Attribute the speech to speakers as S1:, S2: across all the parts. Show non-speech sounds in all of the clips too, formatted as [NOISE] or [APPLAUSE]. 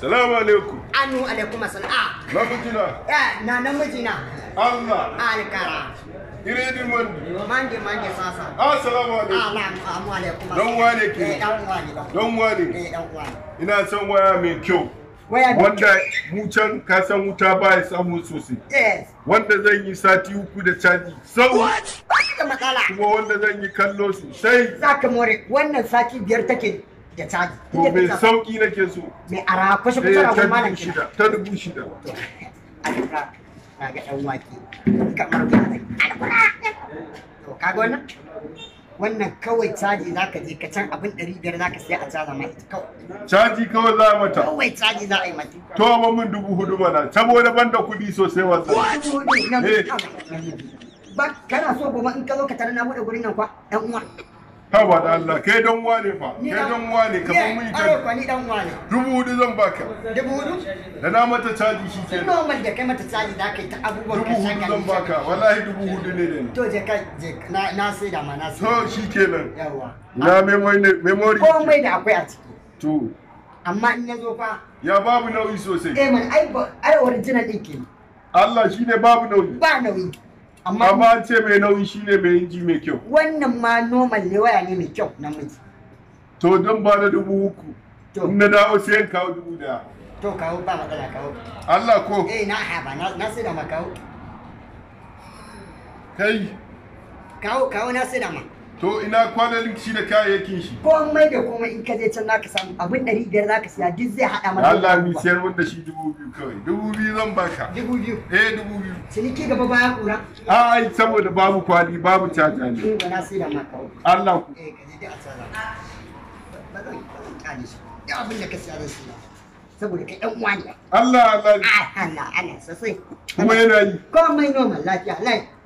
S1: Salamu alaikum. Anu alaikum asala. Ah. Na mijina. Eh, na na mijina. Allah. Alkara. di mandi. Mandi mandi sasa. Assalamu ah, alaikum. Alamu ah, alaikum. Don wane ke? Eh, dan wane.
S2: Don wane. Eh, dan wane. Ina son waya mai kyau. Wanda mucan can ka san wuta ba ya samu sosai. Wanda zan yi sati uku da caji. Sau. Ba da matsala. Kuma wanda zan yi kallo sosai.
S1: Za ka more wannan sati biyar take. da caji to mai sauki
S2: nake so Me ara kwashe kwashe eh, rago malam kina ta dubu shida alibra na ga dan wake kamar ga
S1: to kaga wannan wannan kawai caji za ka je ka can abin ɗari biyar za ka sai a caza ma kawai.
S2: Caji kawai za a mata?
S1: Kawai caji za a yi mata.
S2: To ba min dubu hudu mana saboda ban da kuɗi sosai wasa.
S1: Eh. Ba kana so goma in ka zo ka tare na buɗe gurin nan kwa ɗan uwa.
S2: haba da Allah kai don wane fa kai don wane ka ban mun
S1: kai ni dan wane
S2: dubu hudu zan baka dubu hudu da na mata caji shi ke
S1: normal da kai mata caji da kai ta abubuwan ka saka dubu hudu zan baka
S2: wallahi dubu hudu ne da to je kai je na na sai
S1: da ma na sai to
S2: shi nan yawa na memory ne memory komai da
S1: akwai a ciki to amma in ya zo fa
S2: ya babu nauyi sosai eh man ai ai original din ke Allah shine babu nauyi ba nauyi amma ce mai nauyi shine mai inji mai kyau wannan ma normal ne waya ne mai kyau namiji to don ba da dubu uku na dawo sai yin kawo dubu
S1: da to kawo ba matsala kawo Allah ko eh na haba na sai da ma kawo
S2: kai kawo kawo na sai da ma to ina kwanan shi da kayayyakin shi
S1: mai da kuma in ka je can naka samu abin ɗari biyar naka siya duk zai hada mana Allah mi siyar
S2: wanda shi dubu biyu kawai dubu biyu zan baka dubu biyu eh dubu biyu ciniki gaba baya kura ai saboda babu kwali babu caca ne eh na sai da maka Allah ku
S1: eh ka je da asara ba zan kyale shi ya abin da ka siya zan siya saboda ka ɗan uwa ne Allah Allah ah, Allah Allah sosai kuma yana yi komai normal lafiya lafiya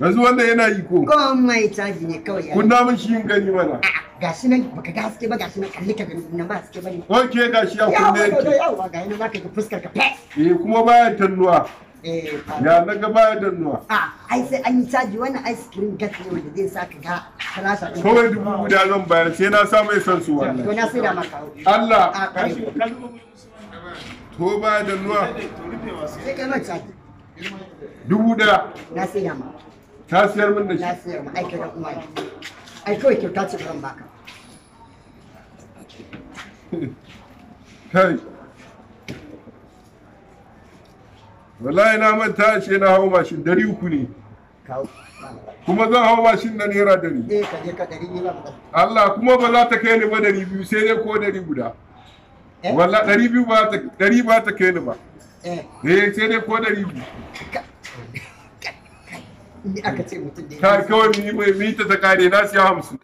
S1: yanzu wanda yana yi ko komai caji ne kawai kun da mun shi yin gani mana ga shi nan baka ga haske ba ga shi nan kalli ka gani nan ba haske bane
S2: oke ga shi ya kunne yake
S1: yawa ga yana zaka ga fuskar ka
S2: fes eh kuma baya tannuwa eh ya na ga baya tannuwa
S1: ah ai sai an yi caji wannan ice cream gas ne wanda zai saka ga farasha wai dubu
S2: guda zan bayar sai na sa mai san su wannan to na
S1: sai da maka Allah
S2: to baya tannuwa
S1: sai kai ma caji dubu da na sai da maka ta siyar min da shi na siyar ma aikin ran uwa ai kawai kyauta ce ran baka
S2: [LAUGHS] kai wallahi na manta ce na hau mashin dari uku ne kuma zan hau mashin na naira dari eh, Allah kuma ba za ta kai ni ba dari biyu sai dai ko dari guda eh? walla dari biyu ba ta kai ni ba eh, eh sai dai ko dari biyu ni aka ce mutum da ya kawai ta ta kare na siya hamsin